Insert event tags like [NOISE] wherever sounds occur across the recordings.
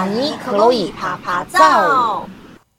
阿尼，克洛伊，趴趴造。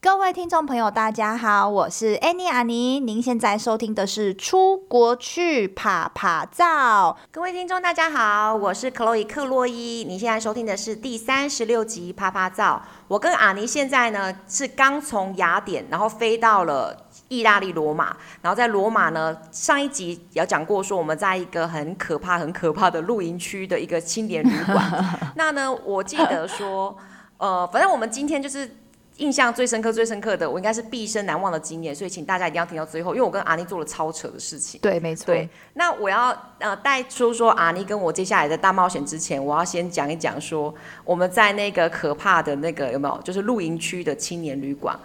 各位聽眾朋友，大家好，我是安妮。阿妮，您現在收聽的是《出國去趴趴造》。各位聽眾，大家好，我是 Chloe, 克洛伊。克洛伊，您現在收聽的是第三十六集《趴趴造》。我跟阿妮現在呢是剛從雅典，然後飛到了意大利羅馬，然後在羅馬呢，上一集有講過，說我們在一個很可怕、很可怕的露營區的一個青年旅館。 [LAUGHS] 那呢，我記得說。 [LAUGHS] 呃，反正我們今天就是印象最深刻、最深刻的，我應該是畢生難忘的經驗，所以請大家一定要聽到最後，因為我跟阿妮做了超扯的事情。對，沒錯。對，那我要呃帶出說，說阿妮跟我接下來的大冒險之前，我要先講一講說我們在那個可怕的那個有沒有，就是露營區的青年旅館。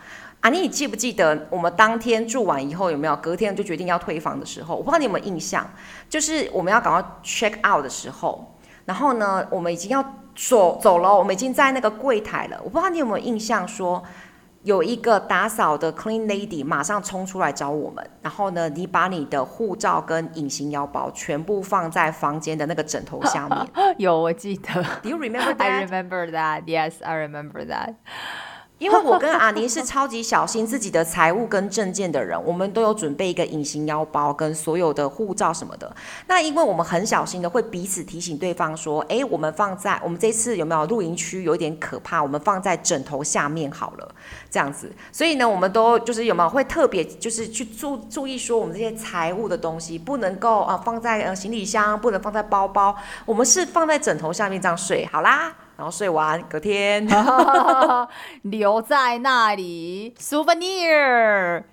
阿妮，你記不記得我們當天住完以後有沒有隔天就決定要退房的時候？我不知道你有沒有印象，就是我們要趕快 check out 的時候，然後呢，我們已經要。走走了，我們已經在那個櫃檯了。我不知道你有沒有印象說，說有一個打掃的 clean lady 馬上衝出來找我們。然後呢，你把你的護照跟隱形腰包全部放在房間的那個枕頭下面。 [LAUGHS] 有，我記得。Do you remember that? I remember that. Yes, I remember that. 因為我跟阿尼是超級小心自己的財物跟證件的人， [LAUGHS] 我們都有準備一個隱形腰包跟所有的護照什麼的。那因為我們很小心的會彼此提醒對方說，哎、欸，我們放在我們這次有沒有露營區有點可怕，我們放在枕頭下面好了，這樣子。所以呢，我們都就是有沒有會特別就是去注注意說我們這些財物的東西不能夠啊、呃、放在、呃、行李箱，不能放在包包，我們是放在枕頭下面這樣睡，好啦。然後睡完，隔天 [LAUGHS] 留在那裡，souvenir。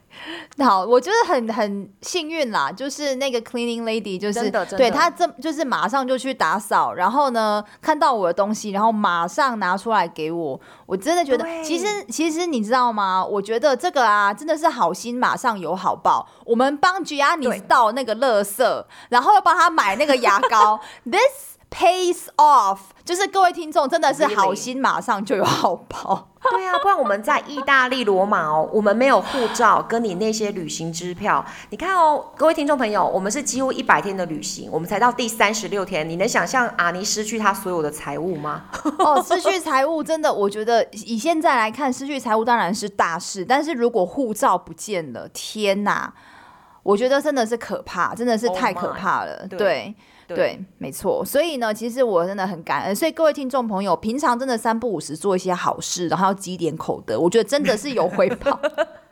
好，我覺得很很幸運啦，就是那個 cleaning lady，就是對他，這就是馬上就去打掃，然後呢，看到我的東西，然後馬上拿出來給我。我真的覺得，其實其實你知道嗎？我覺得這個啊，真的是好心馬上有好報。我們幫 Gianni 倒那個垃圾，然後又幫他買那個牙膏 [LAUGHS] ，this。Pays off，就是各位聽眾真的是好心，馬上就有好報。 [LAUGHS] 對啊，不然我們在意大利羅馬、哦，我們沒有護照，跟你那些旅行支票，你看哦，各位聽眾朋友，我們是幾乎一百天的旅行，我們才到第三十六天，你能想象阿尼失去他所有的財物嗎？ [LAUGHS] 哦，失去財物真的，我覺得以現在來看，失去財物當然是大事，但是如果護照不見了，天哪，我覺得真的是可怕，真的是太可怕了，oh、對。對。對，沒錯。所以呢，其實我真的很感恩。所以各位聽眾朋友，平常真的三不五時做一些好事，然後積點口德，我覺得真的是有回報，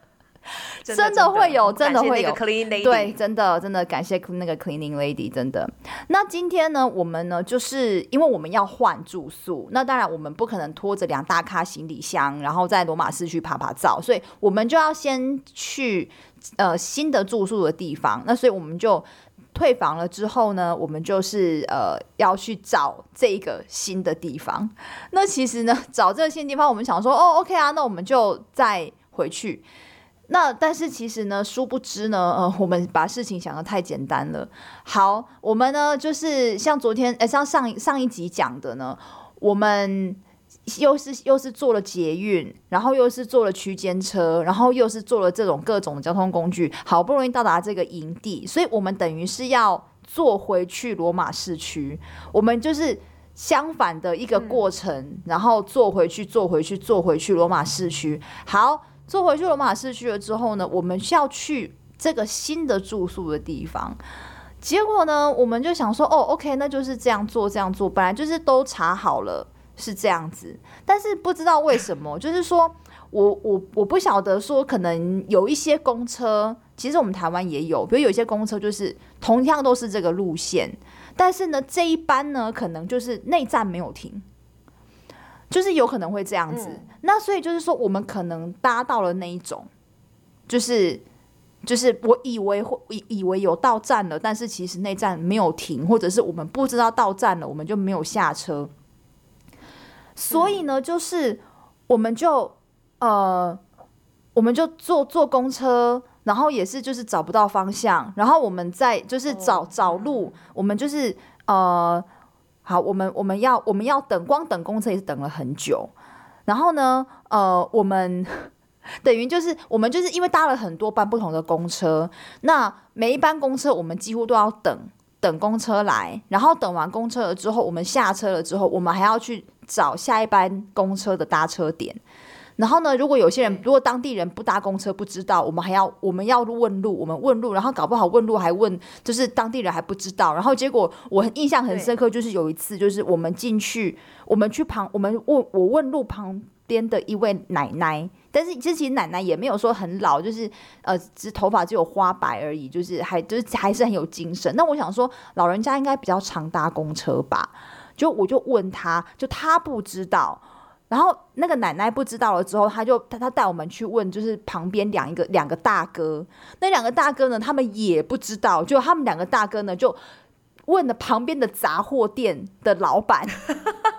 [LAUGHS] 真的，真的，真的會有，真的會有。Cleaning Lady 對，真的真的感謝那個 Cleaning Lady，真的。那今天呢，我們呢，就是因為我們要換住宿，那當然我們不可能拖着兩大咖行李箱，然後在羅馬市去趴趴造，所以我們就要先去。呃，新的住宿的地方，那所以我們就退房了之後呢，我們就是呃要去找這個新的地方。那其實呢，找這些地方，我們想說哦，OK 啊，那我們就再回去。那但是其實呢，殊不知呢，呃，我們把事情想得太簡單了。好，我們呢就是像昨天，呃，像上上一集講的呢，我們。又是又是坐了捷運，然後又是坐了區間車，然後又是坐了這種各種交通工具，好不容易到達這個營地，所以我們等於是要坐回去羅馬市區，我們就是相反的一個過程，嗯，然後坐回去，坐回去，坐回去羅馬市區。好，坐回去羅馬市區了之後呢，我們需要去這個新的住宿的地方，結果呢，我們就想說，哦，OK，那就是這樣做，這樣做，本來就是都查好了。是這樣子，但是不知道為什麼，就是說我我我不曉得說，可能有一些公車，其實我們台灣也有，比如有一些公車就是同樣都是這個路線，但是呢，這一班呢可能就是內站沒有停，就是有可能會這樣子。嗯、那所以就是說，我們可能搭到了那一種，就是就是我以為會以為有到站了，但是其實內站沒有停，或者是我們不知道到站了，我們就沒有下車。所以呢，就是我們就呃，我們就坐坐公車，然後也是就是找不到方向，然後我們在就是找找路，我們就是呃，好，我們我們要我們要，我們要等，光等公車也是等了很久。然後呢，呃，我們等於就是我們就是因為搭了很多班不同的公車，那每一班公車我們幾乎都要等等公車來，然後等完公車了之後，我們下車了之後，我們還要去。找下一班公車的搭車點，然後呢，如果有些人，如果當地人不搭公車不知道，我們還要我們要問路，我們問路，然後搞不好問路還問，就是當地人還不知道，然後結果我印象很深刻，就是有一次，就是我們進去，我們去旁，我們問我，我問路旁邊的一位奶奶，但是其實奶奶也沒有說很老，就是呃，只頭髮只有花白而已，就是還就是還是很有精神。那我想說，老人家應該比較常搭公車吧。就我就問他，就他不知道，然後那個奶奶不知道了之後，他就他他帶我們去問，就是旁邊兩一個兩個大哥，那兩個大哥呢，他們也不知道，就他們兩個大哥呢，就問了旁邊的雜貨店的老闆，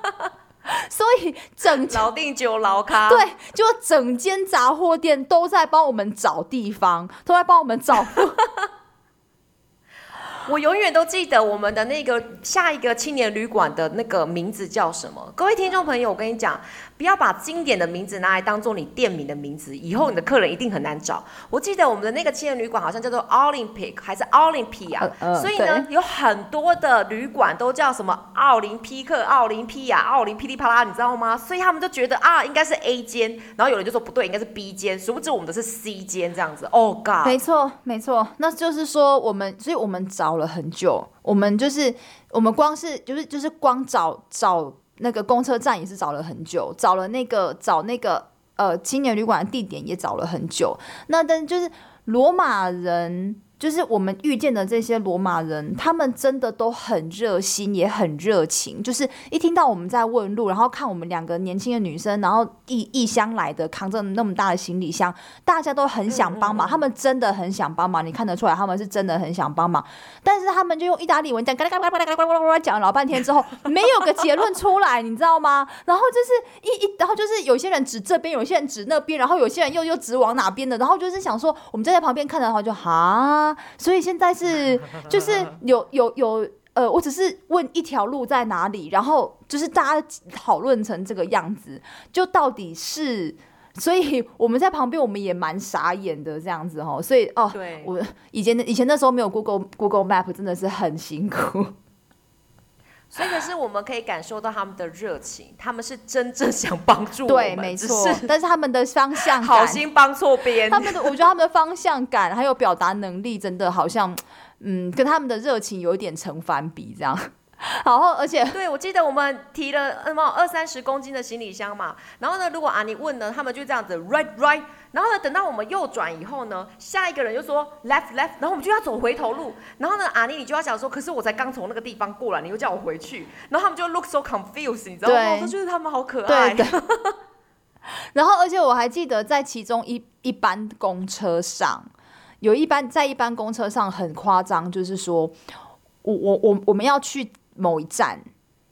[LAUGHS] 所以整 [LAUGHS] 老定酒老咖，對，就整間雜貨店都在幫我們找地方，都在幫我們找。 [LAUGHS] [LAUGHS] 我永遠都記得我們的那個下一個青年旅館的那個名字叫什麼？各位聽眾朋友，我跟你講。不要把經典的名字拿來當做你店名的名字，以後你的客人一定很難找。我記得我們的那個青年旅館好像叫做 Olympic 還是 Olympia，、嗯嗯、所以呢，有很多的旅館都叫什麼奧林匹克、奧林匹亞、奧林噼里啪啪啦，你知道嗎？所以他們就覺得啊，應該是 A 間，然後有人就說不對，應該是 B 間，殊不知我們的是 C 間這樣子。哦，God，沒錯沒錯，那就是說我們，所以我們找了很久，我們就是我們光是就是就是光找找。那個公車站也是找了很久，找了那個找那個呃青年旅館的地點也找了很久，那但就是羅馬人。就是我們遇見的這些羅馬人，他們真的都很熱心，也很熱情。就是一聽到我們在問路，然後看我們兩個年輕的女生，然後異異鄉來的，扛着那麼大的行李箱，大家都很想幫忙。他們真的很想幫忙，你看得出來，他們是真的很想幫忙。但是他們就用意大利文講，嘎啦講老半天之後，沒有個結論出來， [LAUGHS] 你知道嗎？然後就是一一，然後就是有些人指這邊，有些人指那邊，然後有些人又又指往哪邊的，然後就是想說，我們站在旁邊看的話就，就哈。所以現在是，就是有有有，呃，我只是問一條路在哪裡，然後就是大家討論成這個樣子，就到底是，所以我們在旁邊我們也蠻傻眼的這樣子哦。所以哦，對，我以前以前那時候沒有 Google, Google Map，真的是很辛苦。所以可是，我們可以感受到他們的熱情，他們是真正想幫助我們。對，沒錯。但是他們的方向感， [LAUGHS] 好心幫錯別人。 [LAUGHS] 他們的，我覺得他們的方向感還有表達能力，真的好像，嗯，跟他們的熱情有一點成反比這樣。然 [LAUGHS] 後而且，對，我記得我們提了那麼二三十公斤的行李箱嘛，然後呢，如果阿尼問呢，他們就這樣子，right right。然後呢，等到我們右轉以後呢，下一個人就說 left left，然後我們就要走回頭路。然後呢，阿、啊、尼你就要講說，可是我才剛從那個地方過來，你又叫我回去。然後他們就 look so confused，你知道嗎？哦、就是他們好可愛。 [LAUGHS] 然後，而且我還記得在其中一一班公車上，有一班在一班公車上很誇張，就是說我我我我們要去某一站。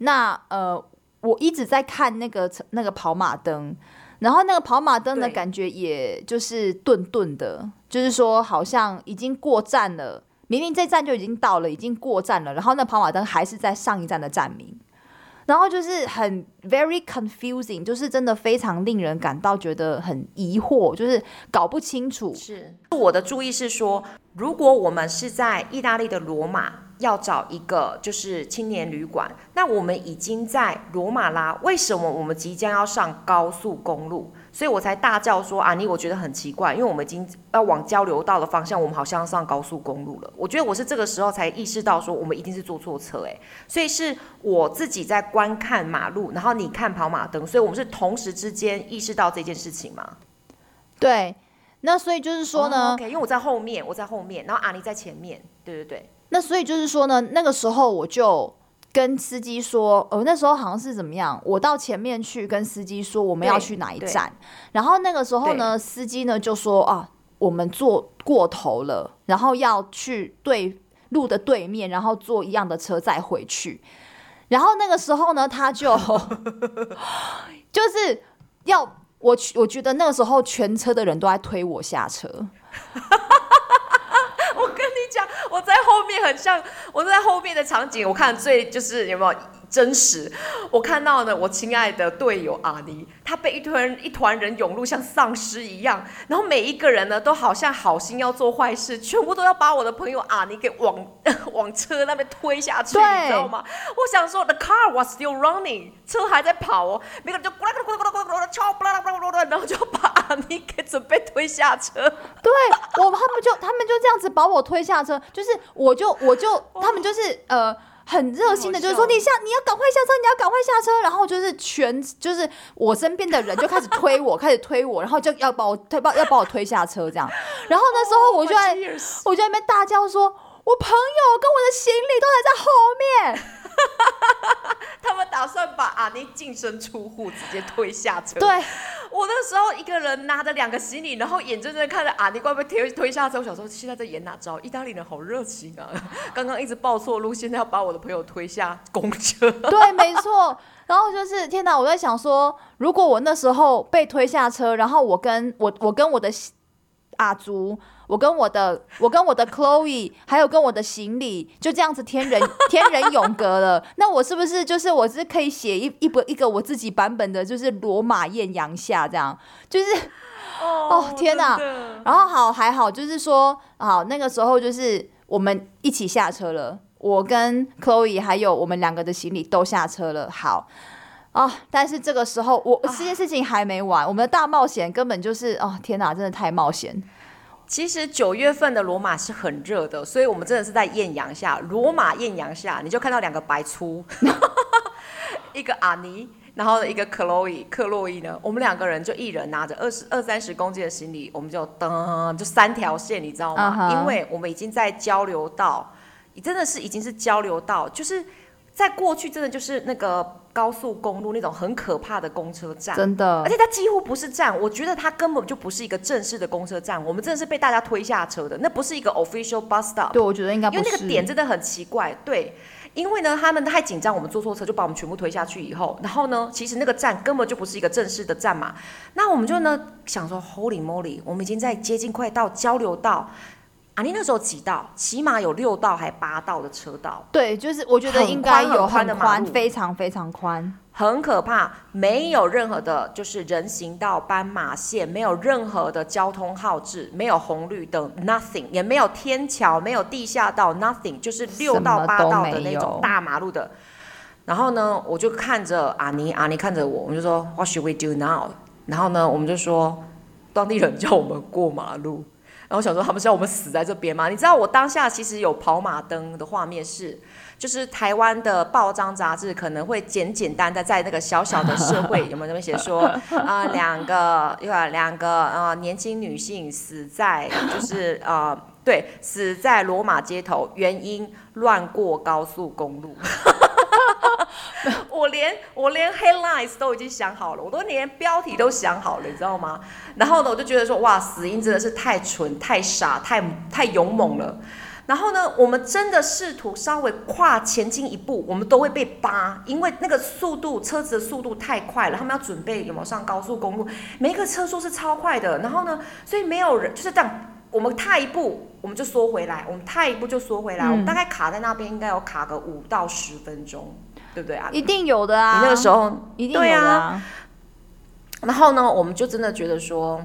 那呃，我一直在看那個那個跑馬燈。然後那個跑馬燈的感覺，也就是頓頓的，就是說好像已經過站了，明明這站就已經到了，已經過站了，然後那個跑馬燈還是在上一站的站名，然後就是很 very confusing，就是真的非常令人感到覺得很疑惑，就是搞不清楚。是，我的注意是說，如果我們是在意大利的羅馬。要找一個就是青年旅館。那我們已經在羅馬啦，為什麼我們即將要上高速公路？所以我才大叫說：“阿尼，我覺得很奇怪，因為我們已經要往交流道的方向，我們好像要上高速公路了。”我覺得我是這個時候才意識到說，我們一定是坐錯車，哎，所以是我自己在觀看馬路，然後你看跑馬燈，所以我們是同時之間意識到這件事情嗎？對，那所以就是說呢，oh, okay, 因為我在後面，我在後面，然後阿尼、啊、在前面對對對。那所以就是說呢，那個時候我就跟司機說，呃，那時候好像是怎麼樣，我到前面去跟司機說我們要去哪一站，然後那個時候呢，司機呢就說啊，我們坐過頭了，然後要去對路的對面，然後坐一樣的車再回去，然後那個時候呢，他就 [LAUGHS] 就是要我，我覺得那個時候全車的人都在推我下車。 [LAUGHS] 也很像，我在後面的場景，我看最就是有沒有。真實，我看到呢，我親愛的隊友阿尼，他被一團人，一團人湧入，像喪屍一樣，然後每一個人呢，都好像好心要做壞事，全部都要把我的朋友阿尼給往往車那邊推下去，你知道嗎？我想說，the car was still running，車還在跑哦，每個人就咕啦咕啦然後就把阿尼給準備推下車。對， [LAUGHS] 我他們就他們就這樣子把我推下車，就是我就我就 [LAUGHS] 他們就是呃。很熱心的，就是說，你下，你要趕快下車，你要趕快下車，然後就是全，就是我身邊的人就開始推我， [LAUGHS] 開始推我，然後就要把我推，要把要把我推下車，這樣。然後那時候我就在， [LAUGHS] 我就在那邊大叫說，我朋友跟我的行李都還在後面。哈哈哈他們打算把阿尼淨身出戶，直接推下車。對，我那時候一個人拿着兩個行李，然後眼睜睜看着阿尼怪被推推下車，我想說現在在演哪招？意大利人好熱情啊！剛剛一直報錯路，現在要把我的朋友推下公車。對， [LAUGHS] 沒錯。然後就是天哪！我在想說，如果我那時候被推下車，然後我跟我我跟我的。阿祖，我跟我的，我跟我的 Chloe，還有跟我的行李，就這樣子天人天人永隔了。 [LAUGHS] 那我是不是就是我是可以寫一一本一個我自己版本的，就是羅馬艷陽下這樣，就是、oh, 哦天哪。然後好還好，就是說好那個時候就是我們一起下車了，我跟 Chloe 還有我們兩個的行李都下車了。好。啊、哦！但是這個時候我，我、啊、這件事情還沒完。我們的大冒險根本就是……哦，天哪，真的太冒險！其實九月份的羅馬是很熱的，所以我們真的是在豔陽下，羅馬豔陽下，你就看到兩個白粗， [LAUGHS] [LAUGHS] 一個阿尼，然後一個克洛伊，克洛伊呢，我們兩個人就一人拿着二十二三十公斤的行李，我們就噔，就三條線，你知道嗎？Uh -huh. 因為我們已經在交流道，你真的是已經是交流道，就是。在過去，真的就是那個高速公路那種很可怕的公車站，真的。而且它幾乎不是站，我覺得它根本就不是一個正式的公車站。我們真的是被大家推下車的，那不是一個 official bus stop。對，我覺得應該不是。因為那個點真的很奇怪。對，因為呢，他們太緊張，我們坐錯車就把我們全部推下去以後，然後呢，其實那個站根本就不是一個正式的站嘛。那我們就呢、嗯、想說，Holy moly，我們已經在接近快到交流道。阿尼那時候幾道？起碼有六道，還八道的車道。對，就是我覺得寬應該很寬的寬，非常非常寬，很可怕。沒有任何的，就是人行道、斑馬線，沒有任何的交通號誌，沒有紅綠燈，nothing，也沒有天橋，沒有地下道，nothing，就是六到八道的那種大馬路的。然後呢，我就看着阿尼，阿尼看著我，我們就說，What should we do now？然後呢，我們就說，當地人叫我們過馬路。然後想說，他們知道我們死在這邊嗎？你知道我當下其實有跑馬燈的畫面是，就是台灣的報章雜誌可能會簡簡單單在那個小小的社會 [LAUGHS] 有沒有那麼寫說，啊、呃，兩個一兩個啊、呃。年輕女性死在就是啊、呃，對，死在羅馬街頭，原因亂過高速公路。 [LAUGHS] 我連我連 headlines 都已經想好了，我都連標題都想好了，你知道嗎？然後呢，我就覺得說，哇，死因真的是太蠢、太傻、太太勇猛了。然後呢，我們真的試圖稍微跨前進一步，我們都會被扒，因為那個速度，車子的速度太快了。他們要準備有沒有上高速公路，每一個車速是超快的。然後呢，所以沒有人就是這樣，我們踏一步我們就縮回來，我們踏一步就縮回來、嗯，我們大概卡在那邊應該有卡個五到十分鐘。對不對啊？一定有的啊！你那個時候一定有啊，啊。然後呢，我們就真的覺得說，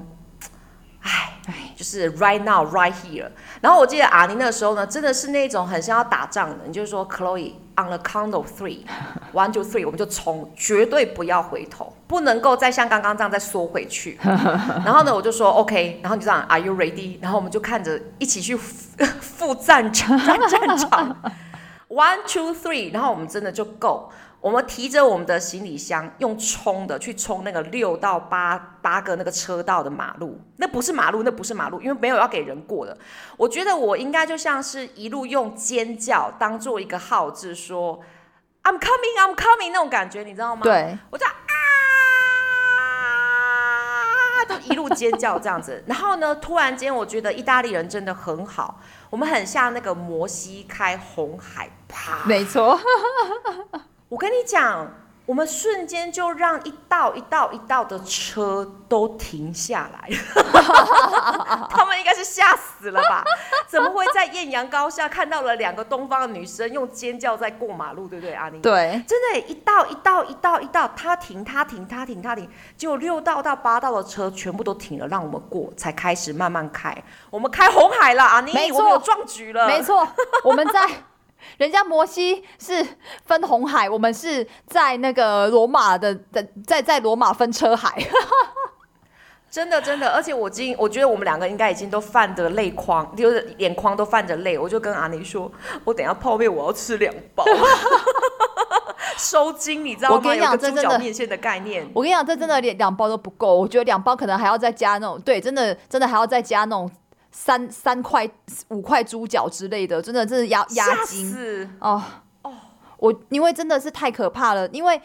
哎哎，就是 right now, right here。然後我記得阿尼那個時候呢，真的是那種很像要打仗的。你就是說，Chloe on the count of three, one, two, three，我們就衝，絕對不要回頭，不能夠再像剛剛這樣再縮回去。然後呢，我就說 OK，然後你就這樣 Are you ready？然後我們就看着一起去赴戰，戰，戰場，戰場。One, two, three，然後我們真的就 go。我們提着我們的行李箱，用衝的去衝那個六到八八個那個車道的馬路，那不是馬路，那不是馬路，因為沒有要給人過的。我覺得我應該就像是一路用尖叫當做一個號志，說 I'm coming, I'm coming，那種感覺，你知道嗎？對，我就。 [LAUGHS] 都一路尖叫這樣子，然後呢？突然間，我覺得意大利人真的很好，我們很像那個摩西開紅海，趴，沒錯。 [LAUGHS] 我跟你講。我們瞬間就讓一道一道一道的車都停下來 [LAUGHS] [LAUGHS] [LAUGHS] [LAUGHS] 他們應該是嚇死了吧？ [LAUGHS] 怎麼會在艷陽高下看到了兩個東方的女生用尖叫在過馬路，對不對，阿尼？對，真的、欸，一道一道一道一道，他停，他停，他停，他停，就六道到八道的車全部都停了，讓我們過，才開始慢慢開。我們開紅海了，阿尼，我們有壯舉了，沒錯， [LAUGHS] 我們在。 [LAUGHS] 人家摩西是分紅海，我們是在那個羅馬的，在在在羅馬分車海， [LAUGHS] 真的真的。而且我今我覺得我們兩個應該已經都泛着淚眶，就是眼眶都泛着淚。我就跟阿尼說，我等下泡麵我要吃兩包， [LAUGHS] 收驚，你知道嗎？我跟你講，真正的麵線的概念的。我跟你講，這真的兩兩包都不夠，我覺得兩包可能還要再加那種。對，真的真的還要再加那種。三三塊、五塊豬腳之類的，真的真是，是壓壓驚哦哦，我因為真的是太可怕了，因為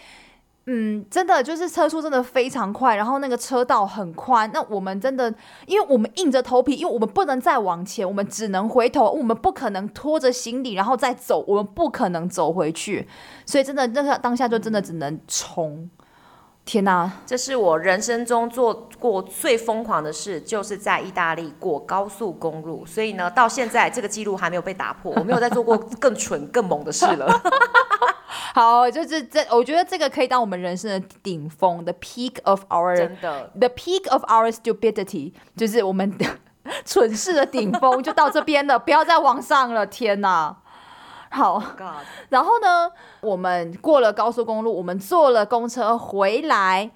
嗯，真的就是車速真的非常快，然後那個車道很寬，那我們真的，因為我們硬着頭皮，因為我們不能再往前，我們只能回頭，我們不可能拖着行李然後再走，我們不可能走回去，所以真的那個當下就真的只能衝。天哪！這是我人生中做過最瘋狂的事，就是在意大利過高速公路。所以呢，到現在這個記錄還沒有被打破。我沒有再做過更蠢、更猛的事了。 [LAUGHS] [LAUGHS] 好，就是這，我覺得這個可以當我們人生的頂峰，the peak of our，真的，the peak of our stupidity，就是我們的 [LAUGHS] 蠢事的頂峰，就到這邊了，不要再往上了。天哪！好，Oh God. 然後呢，我們過了高速公路，我們坐了公車回來，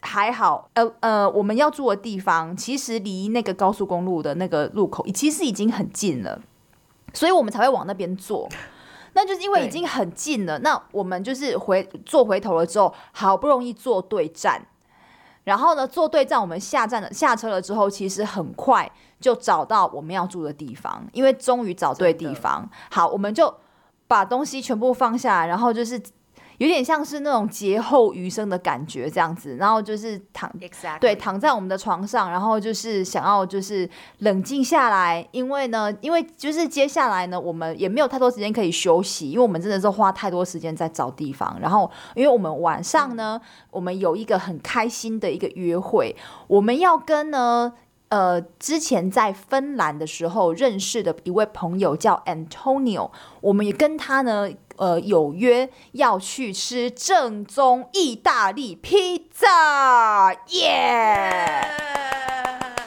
還好，呃呃，我們要住的地方其實離那個高速公路的那個路口其實已經很近了，所以我們才會往那邊坐。那就是因為已經很近了，那我們就是回坐回頭了之後，好不容易坐對站，然後呢，坐對站，我們下站了，下車了之後，其實很快就找到我們要住的地方，因為終於找對地方。好，我們就。把東西全部放下，然後就是有點像是那種劫後餘生的感覺這樣子，然後就是躺，Exactly. 對，躺在我們的床上，然後就是想要就是冷靜下來，因為呢，因為就是接下來呢，我們也沒有太多時間可以休息，因為我們真的是花太多時間在找地方，然後因為我們晚上呢，我們有一個很開心的一個約會，我們要跟呢。呃，之前在芬蘭的時候認識的一位朋友叫 Antonio，我們也跟他呢，呃，有約要去吃正宗意大利披薩，耶！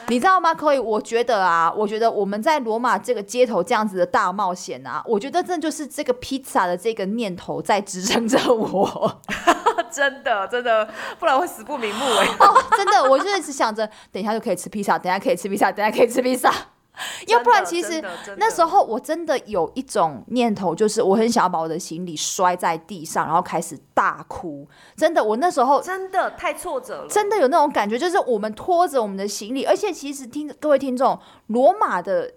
你知道嗎？克洛伊，我覺得啊，我覺得我們在羅馬這個街頭這樣子的大冒險啊，我覺得這就是這個披薩的這個念頭在支撐着我， [LAUGHS] 真的真的，不然會死不瞑目哎！ [LAUGHS] oh, 真的，我就是只想着，等一下就可以吃披薩，等一下可以吃披薩，等一下可以吃披薩。要 [LAUGHS] 不然，其實那時候我真的有一種念頭，就是我很想要把我的行李摔在地上，然後開始大哭。真的，我那時候真的太挫折了，真的有那種感覺，就是我們拖着我們的行李，而且其實聽各位聽眾，羅馬的。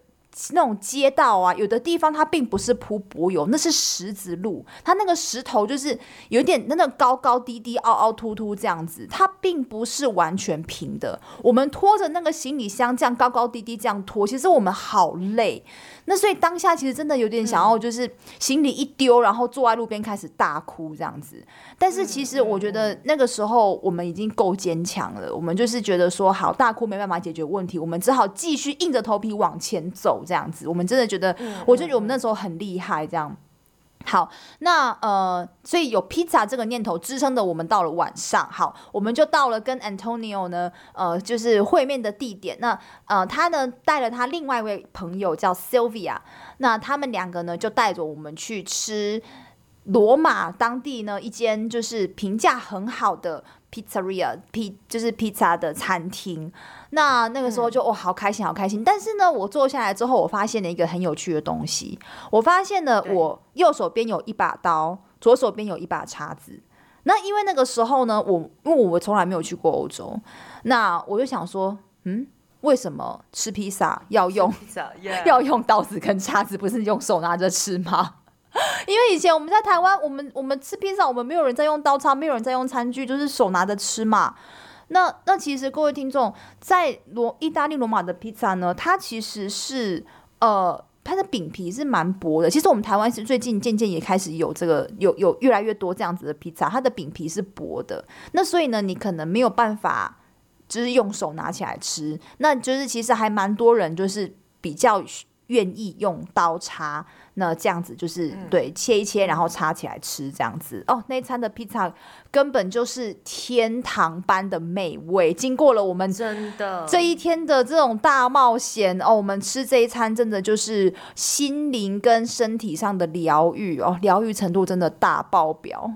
那種街道啊，有的地方它並不是鋪柏油，那是石子路。它那個石頭就是有點那個高高低低，凹凹凸凸這樣子，它並不是完全平的。我們拖着那個行李箱這樣高高低低這樣拖，其實我們好累。那所以當下其實真的有點想要就是行李一丟，然後坐在路邊開始大哭這樣子。但是其實我覺得那個時候我們已經夠堅強了，我們就是覺得說，好，大哭沒辦法解決問題，我們只好繼續硬着頭皮往前走。這樣子，我們真的覺得，嗯、我就覺得我們那時候很厲害。這樣、嗯，好，那呃，所以有披薩這個念頭支撐着我們到了晚上，好，我們就到了跟 Antonio 呢，呃，就是會面的地點。那呃，他呢帶了他另外一位朋友叫 Silvia，那他們兩個呢就帶着我們去吃羅馬當地呢一間就是評價很好的 pizzeria，披就是披薩的餐廳。那那個時候就哦，好開心，好開心！但是呢，我坐下來之後，我發現了一個很有趣的東西。我發現了，我右手邊有一把刀，左手邊有一把叉子。那因為那個時候呢，我因為我從來沒有去過歐洲，那我就想說，嗯，為什麼吃披薩要用吃 pizza, yeah. [LAUGHS] 要用刀子跟叉子，不是用手拿着吃嗎？ [LAUGHS] 因為以前我們在台灣，我們我們吃披薩，我們沒有人在用刀叉，沒有人在用餐具，就是手拿着吃嘛。那那其實各位聽眾，在羅意大利羅馬的披薩呢，它其實是呃，它的餅皮是蠻薄的。其實我們台灣是最近漸漸也開始有這個，有有越來越多這樣子的披薩，它的餅皮是薄的。那所以呢，你可能沒有辦法，就是用手拿起來吃，那就是其實還蠻多人就是比較願意用刀叉。那這樣子就是、嗯、對切一切，然後插起來吃這樣子哦。Oh, 那一餐的披 a 根本就是天堂般的美味。經過了我們真的這一天的這種大冒險哦，oh, 我們吃這一餐真的就是心靈跟身體上的療癒哦，療、oh, 癒程度真的大爆表。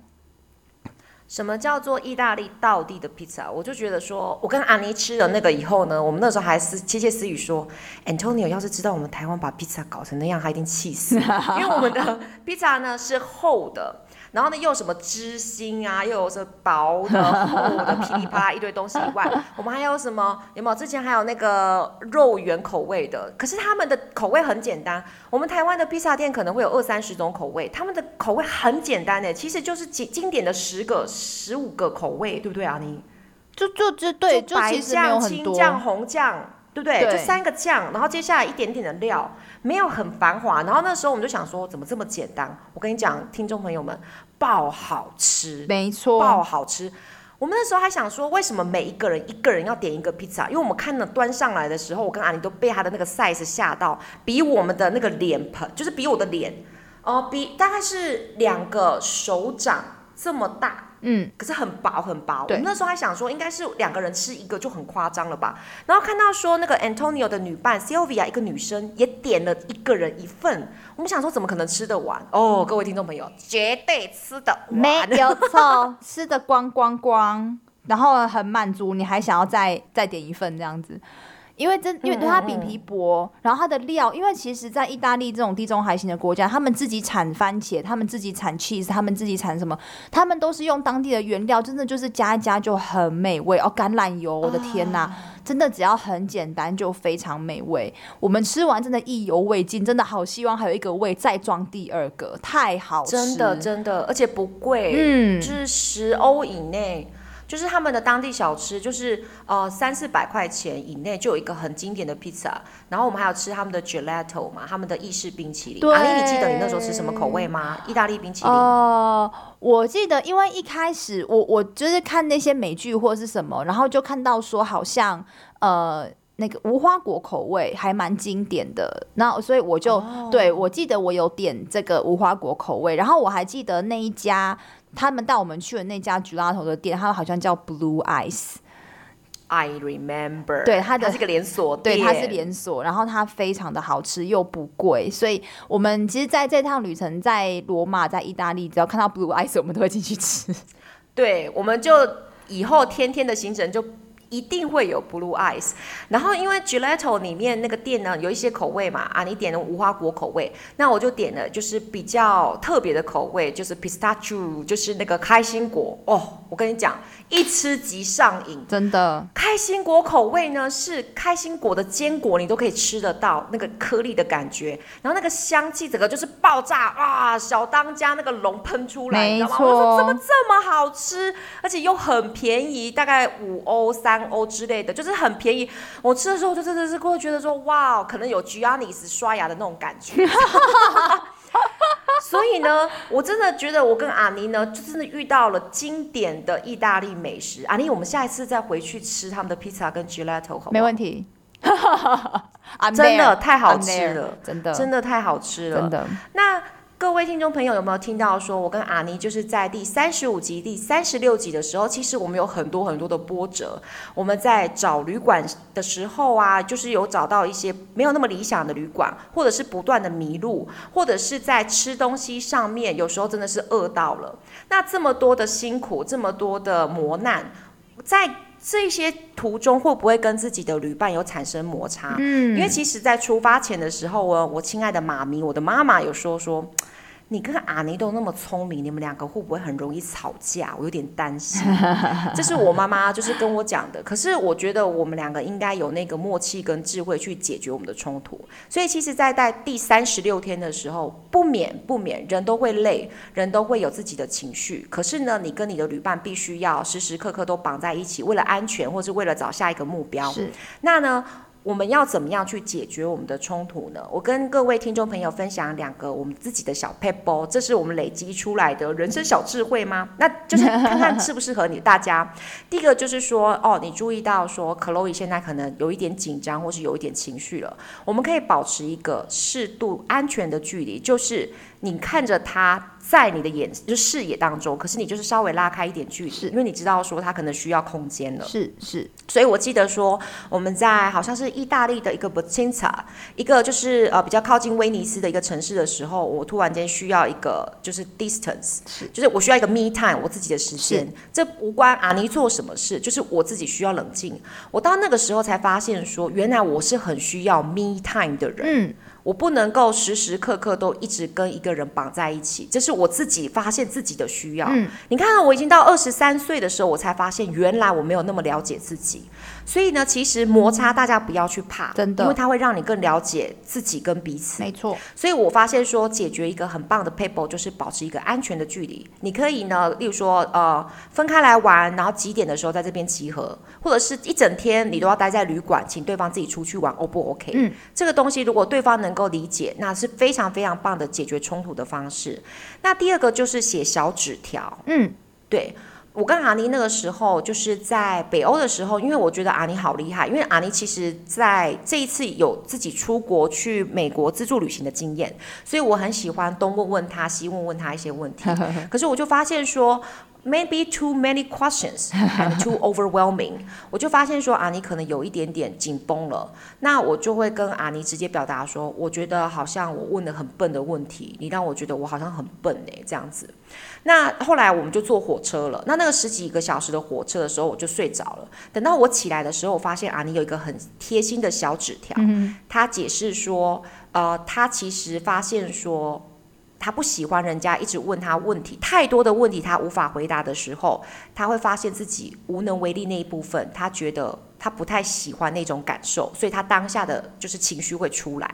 什麼叫做意大利道地的披薩？我就覺得說，我跟阿妮吃了那個以後呢，我們那時候還私竊竊私語說，Antonio 要是知道我們台灣把披薩搞成那樣，他一定氣死。 [LAUGHS] 因為我們的披薩呢是厚的，然後呢又有什麼芝心啊，又有什麼薄的、厚的、噼裡啪啦一堆東西以外， [LAUGHS] 我們還有什麼？有沒有之前還有那個肉圓口味的？可是他們的口味很簡單，我們台灣的披薩店可能會有二三十種口味，他們的口味很簡單誒、欸，其實就是經經典的十個。十五個口味，對不對，阿尼？就就就對，就白醬就、青醬、紅醬，對不對，對？就三個醬，然後接下來一點點的料，沒有很繁華。然後那時候我們就想說，怎麼這麼簡單？我跟你講，聽眾朋友們，爆好吃，沒錯，爆好吃。我們那時候還想說，為什麼每一個人一個人要點一個披薩？因為我們看了端上來的時候，我跟阿尼都被他的那個 size 嚇到，比我們的那個臉，盆，就是比我的臉，哦、呃，比大概是兩個手掌這麼大。嗯，可是很薄很薄。我們那時候還想說，應該是兩個人吃一個就很誇張了吧。然後看到說那個 Antonio 的女伴 Sylvia 一個女生也點了一個人一份，我們想說怎麼可能吃得完？哦，各位聽眾朋友，嗯、絕對吃得完，沒有錯， [LAUGHS] 吃得光光光，然後很滿足，你還想要再再點一份這樣子。因為真，因為它餅皮薄，嗯嗯嗯。然後它的料，因為其實，在意大利這種地中海型的國家，他們自己產番茄，他們自己產 cheese，他們自己產什麼，他們都是用當地的原料，真的就是加一加就很美味哦。橄欖油，我的天哪，啊啊，真的只要很簡單就非常美味。我們吃完真的意猶未盡，真的好希望還有一個胃再裝第二個，太好吃了，真的真的，而且不貴，嗯，就是十歐以內。就是他們的當地小吃，就是呃三四百塊錢以內就有一個很經典的 pizza，然後我們還有吃他們的 gelato 嘛，他們的意式冰淇淋。阿尼、啊，你記得你那時候吃什麼口味嗎？意大利冰淇淋？哦、呃，我記得，因為一開始我我就是看那些美劇或是什麼，然後就看到說好像呃那個無花果口味還蠻經典的，那所以我就、哦、對，我記得我有點這個無花果口味，然後我還記得那一家。他們帶我們去的那家焗拉頭的店，它好像叫 Blue Ice。I remember，對，它的它是個連鎖，對，它是連鎖，然後它非常的好吃又不貴，所以我們其實在這趟旅程在羅馬在意大利，只要看到 Blue Ice，我們都會進去吃。對，我們就以後天天的行程就一定會有 blue eyes，然後因為 gelato 裡面那個店呢有一些口味嘛，啊，你點了無花果口味，那我就點了就是比較特別的口味，就是 pistachio，就是那個開心果哦。我跟你講，一吃即上癮，真的。開心果口味呢是開心果的堅果，你都可以吃得到那個顆粒的感覺，然後那個香氣整個就是爆炸啊！小當家那個龍噴出來，沒錯，我說怎麼這麼好吃，而且又很便宜，大概五歐三。3歐之類的就是很便宜，我吃的時候就真的是會覺得說哇，可能有 Giannis 刷牙的那種感覺。 [LAUGHS] [LAUGHS] 所以呢，我真的覺得我跟阿尼呢，就真的遇到了經典的意大利美食。阿尼，我們下一次再回去吃他們的披薩跟 gelato 好嗎，沒問題。 [LAUGHS] 真的太好吃了，I'm there. I'm there. 真的真的太好吃了，真的。那各位聽眾朋友，有沒有聽到說，我跟阿尼就是在第三十五集、第三十六集的時候，其實我們有很多很多的波折。我們在找旅館的時候啊，就是有找到一些沒有那麼理想的旅館，或者是不斷的迷路，或者是在吃東西上面，有時候真的是餓到了。那這麼多的辛苦，這麼多的磨難，在這些途中，會不會跟自己的旅伴有產生摩擦？嗯，因為其實，在出發前的時候，我我親愛的媽咪，我的媽媽有說說。你跟阿尼都那麼聰明，你們兩個會不會很容易吵架？我有點擔心， [LAUGHS] 這是我媽媽就是跟我講的。可是我覺得我們兩個應該有那個默契跟智慧去解決我們的衝突。所以其實，在在第三十六天的時候，不免不免人都會累，人都會有自己的情緒。可是呢，你跟你的旅伴必須要時時刻刻都綁在一起，為了安全，或是為了找下一個目標。是，那呢？我們要怎麼樣去解決我們的衝突呢？我跟各位聽眾朋友分享兩個我們自己的小撇步，這是我們累積出來的人生小智慧嗎？那就是看看適不適合你大家。 [LAUGHS] 第一個就是說，哦，你注意到說克洛伊現在可能有一點緊張，或是有一點情緒了，我們可以保持一個適度安全的距離，就是你看着他。在你的眼，就是、視野當中，可是你就是稍微拉開一點距離，是，因為你知道說他可能需要空間了，是是。所以我記得說，我們在好像是意大利的一個 Bertinza 一個就是呃比較靠近威尼斯的一個城市的時候，我突然間需要一個就是 distance，是，就是我需要一個 me time，我自己的時間。這無關阿尼做什麼事，就是我自己需要冷靜。我到那個時候才發現說，原來我是很需要 me time 的人。嗯我不能夠時時刻刻都一直跟一個人綁在一起，這是我自己發現自己的需要。嗯，你看，我已經到二十三歲的時候，我才發現原來我沒有那麼了解自己。所以呢，其實摩擦大家不要去怕，嗯，真的，因為它會讓你更了解自己跟彼此。沒錯。所以我發現說，解決一個很棒的 people 就是保持一個安全的距離。你可以呢，例如說，呃，分開來玩，然後幾點的時候在這邊集合，或者是一整天你都要待在旅館，請對方自己出去玩，O 哦不 OK？嗯，這個東西如果對方能夠理解，那是非常非常棒的解決衝突的方式。那第二個就是寫小紙條。嗯，對。我跟阿尼那個時候，就是在北歐的時候，因為我覺得阿尼好厲害，因為阿尼其實在這一次有自己出國去美國自助旅行的經驗，所以我很喜歡東問問他，西問問他一些問題。 [LAUGHS] 可是我就發現說。Maybe too many questions and too overwhelming。 [LAUGHS] 我就發現說阿尼可能有一點點緊繃了，那我就會跟阿尼直接表達說，我覺得好像我問的很笨的問題，你讓我覺得我好像很笨呢。這樣子。那後來我們就坐火車了，那那個十幾個小時的火車的時候，我就睡着了。等到我起來的時候，我發現阿尼有一個很貼心的小紙條，他解釋說，呃，他其實發現說。他不喜歡人家一直問他問題，太多的問題他無法回答的時候，他會發現自己無能為力那一部分，他覺得他不太喜歡那種感受，所以他當下的就是情緒會出來。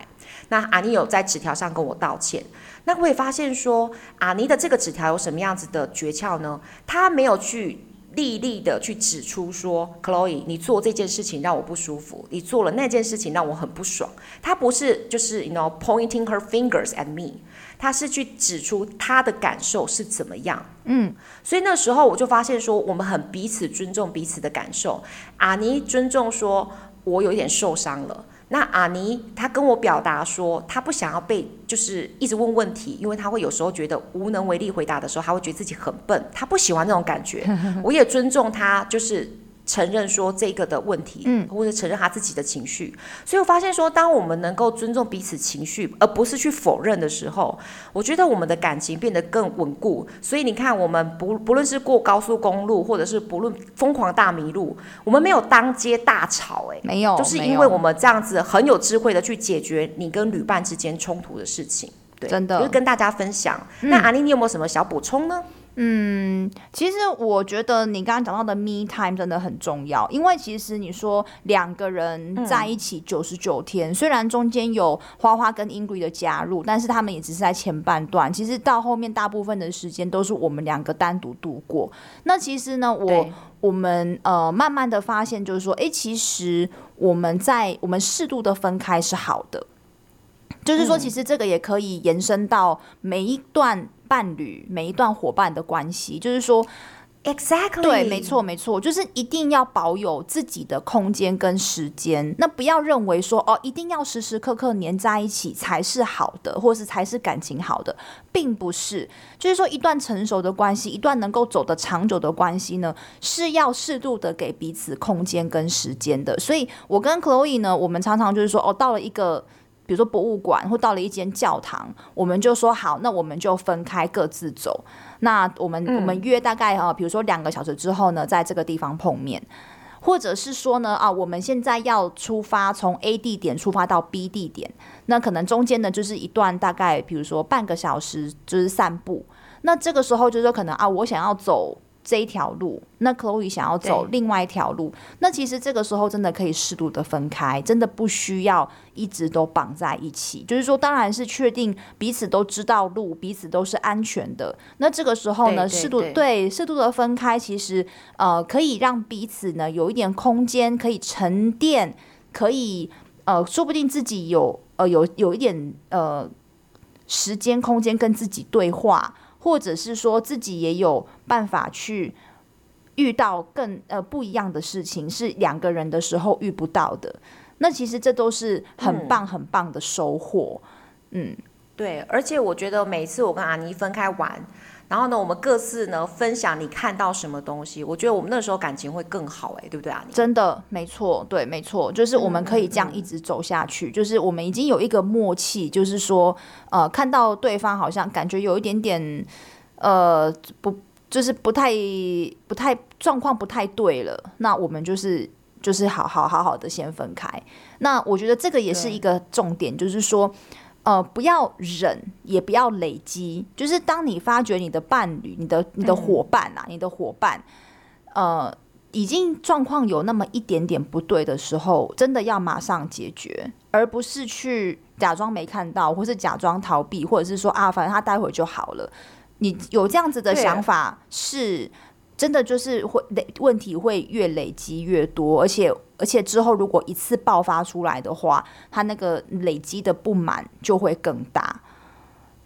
那阿尼有在紙條上跟我道歉，那我也發現說，阿尼的這個紙條有什麼樣子的訣竅呢？他沒有去立立的去指出說，Chloe，你做這件事情讓我不舒服，你做了那件事情讓我很不爽。他不是就是 you know pointing her fingers at me。他是去指出他的感受是怎麼樣，嗯，所以那時候我就發現說，我們很彼此尊重彼此的感受。阿尼尊重說，我有一點受傷了。那阿尼他跟我表達說，他不想要被就是一直問問題，因為他會有時候覺得無能為力回答的時候，他會覺得自己很笨，他不喜歡那種感覺。我也尊重他，就是。承認說這個的問題，嗯，或者承認他自己的情緒、嗯，所以我發現說，當我們能夠尊重彼此情緒，而不是去否認的時候，我覺得我們的感情變得更穩固。所以你看，我們不不論是過高速公路，或者是不論瘋狂大迷路，我們沒有當街大吵，哎，沒有，就是因為我們這樣子很有智慧的去解決你跟旅伴之間衝突的事情，對，真的，就是、跟大家分享。嗯、那阿尼，你有沒有什麼小補充呢？嗯，其實我覺得你剛剛講到的 me time 真的很重要，因為其實你說兩個人在一起九十九天、嗯，雖然中間有花花跟 Ingrid 的加入，但是他們也只是在前半段。其實到後面大部分的時間都是我們兩個單獨度過。那其實呢，我我們呃慢慢的發現，就是說，誒、欸，其實我們在我們適度的分開是好的，嗯、就是說，其實這個也可以延伸到每一段。伴侶每一段夥伴的關係，就是說，Exactly 對，沒錯沒錯，就是一定要保有自己的空間跟時間。那不要認為說哦，一定要時時刻刻黏在一起才是好的，或是才是感情好的，並不是。就是說，一段成熟的關係，一段能夠走得長久的關係呢，是要適度的給彼此空間跟時間的。所以我跟 Chloe 呢，我們常常就是說哦，到了一個。比如說博物館，或到了一間教堂，我們就說好，那我們就分開各自走。那我們、嗯、我們約大概啊，比如說兩個小時之後呢，在這個地方碰面，或者是說呢啊，我們現在要出發，從 A 地點出發到 B 地點，那可能中間呢就是一段大概，比如說半個小時就是散步。那這個時候就是說可能啊，我想要走。這一條路，那 Chloe 想要走另外一條路，那其實這個時候真的可以適度的分開，真的不需要一直都綁在一起。就是說，當然是確定彼此都知道路，彼此都是安全的。那這個時候呢，適度對適度的分開，其實呃可以讓彼此呢有一點空間，可以沉澱，可以呃說不定自己有呃有有一點呃時間空間跟自己對話。或者是說自己也有辦法去遇到更呃不一樣的事情，是兩個人的時候遇不到的。那其實這都是很棒很棒的收穫。嗯，嗯，對。而且我覺得每次我跟阿尼分開玩。然後呢，我們各自呢分享你看到什麼東西？我覺得我們那時候感情會更好，欸，哎，對不對啊？真的，沒錯，對，沒錯，就是我們可以這樣一直走下去。嗯、就是我們已經有一個默契，嗯，就是說，呃，看到對方好像感覺有一點點，呃，不，就是不太、不太狀況不太對了。那我們就是就是好好好好的先分開。那我覺得這個也是一個重點，就是說。呃，不要忍，也不要累積。就是當你發覺你的伴侶、你的你的夥伴啊、嗯，你的夥伴，呃，已經狀況有那麼一點點不對的時候，真的要馬上解決，而不是去假裝沒看到，或是假裝逃避，或者是說啊，反正他待會就好了。你有這樣子的想法，是真的就是會累，問題會越累積越多，而且。而且之後如果一次爆發出來的話，他那個累積的不滿就會更大。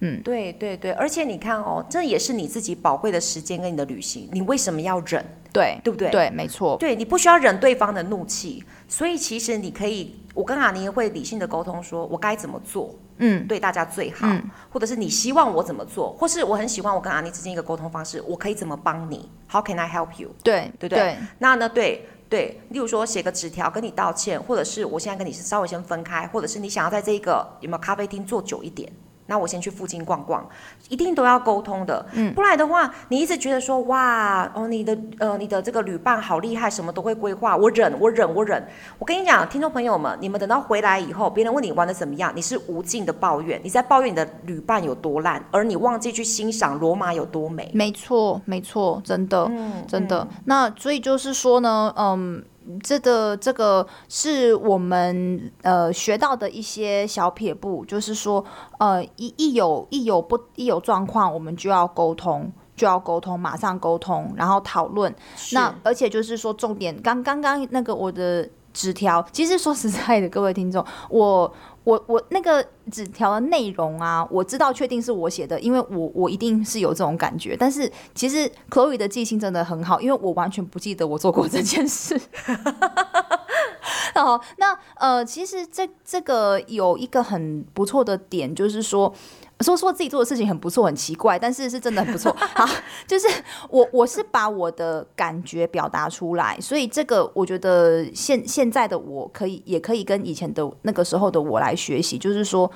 嗯，對對對，而且你看哦，這也是你自己寶貴的時間跟你的旅行，你為什麼要忍？對，對不對？對，沒錯。對你不需要忍對方的怒氣，所以其實你可以，我跟阿尼會理性的溝通，說我該怎麼做，嗯，對大家最好，嗯，或者是你希望我怎麼做，或是我很喜歡我跟阿尼之間一個溝通方式，我可以怎麼幫你？How can I help you？對，對不對，對。那呢，對。對，例如說寫個紙條跟你道歉，或者是我現在跟你是稍微先分開，或者是你想要在這個有沒有咖啡廳坐久一點？那我先去附近逛逛，一定都要溝通的，嗯、不然的話，你一直覺得說哇哦，你的呃，你的這個旅伴好厲害，什麼都會規劃我，我忍，我忍，我忍。我跟你講，聽眾朋友們，你們等到回來以後，別人問你玩的怎麼樣，你是無盡的抱怨，你在抱怨你的旅伴有多爛，而你忘記去欣賞羅馬有多美。沒錯，沒錯，真的，嗯、真的。那所以就是說呢，嗯。這個這個是我們呃學到的一些小撇步，就是說呃一一有一有、不一有狀況，我們就要溝通，就要溝通，馬上溝通，然後討論。那而且就是說重點，剛剛剛那個我的紙條，其實說實在的，各位聽眾，我。我我那個紙條的內容啊，我知道確定是我寫的，因為我我一定是有這種感覺。但是其實 Chloe 的記性真的很好，因為我完全不記得我做過這件事。 [LAUGHS] 好，那呃，其實這這個有一個很不錯的點，就是說。說說自己做的事情很不錯，很奇怪，但是是真的很不錯。好， [LAUGHS] 就是我我是把我的感覺表達出來，所以這個我覺得現現在的我可以也可以跟以前的那個時候的我來學習，就是說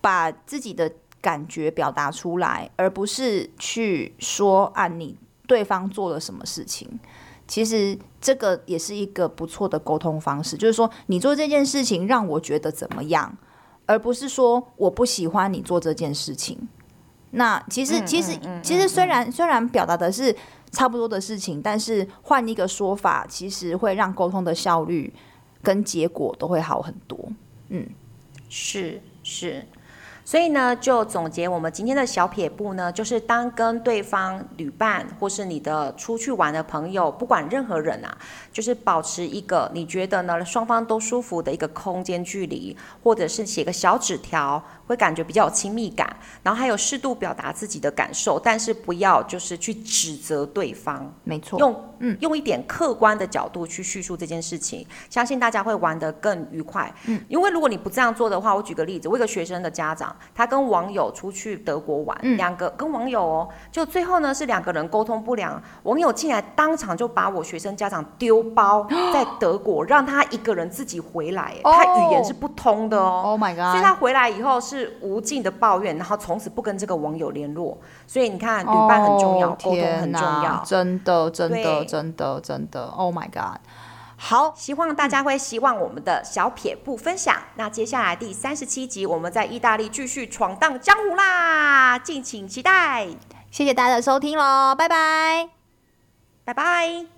把自己的感覺表達出來，而不是去說啊你對方做了什麼事情。其實這個也是一個不錯的溝通方式，就是說你做這件事情讓我覺得怎麼樣。而不是說我不喜歡你做這件事情，那其實、嗯、其實、嗯嗯嗯、其實雖然雖然表達的是差不多的事情，嗯、但是換一個說法，其實會讓溝通的效率跟結果都會好很多。嗯，是是。所以呢，就總結我們今天的小撇步呢，就是當跟對方旅伴或是你的出去玩的朋友，不管任何人啊，就是保持一個你覺得呢，雙方都舒服的一個空間距離，或者是寫個小紙條。會感覺比較有親密感，然後還有適度表達自己的感受，但是不要就是去指責對方。沒錯，用嗯用一點客觀的角度去敘述這件事情，相信大家會玩得更愉快。嗯，因為如果你不這樣做的話，我舉個例子，我一個學生的家長，他跟網友出去德國玩，嗯、兩個跟網友哦，就最後呢是兩個人溝通不良，網友竟然當場就把我學生家長丟包在德國，哦、讓他一個人自己回來。他語言是不通的哦。哦 oh my god！所以他回來以後是。是無盡的抱怨，然後從此不跟這個網友聯絡。所以你看，哦、旅伴很重要，溝通很重要。真的，真的，真的，真的。Oh my god！好，希望大家會希望我們的小撇步分享。那接下來第三十七集，我們在意大利繼續闖蕩江湖啦，敬請期待。謝謝大家的收聽嘍，拜拜，拜拜。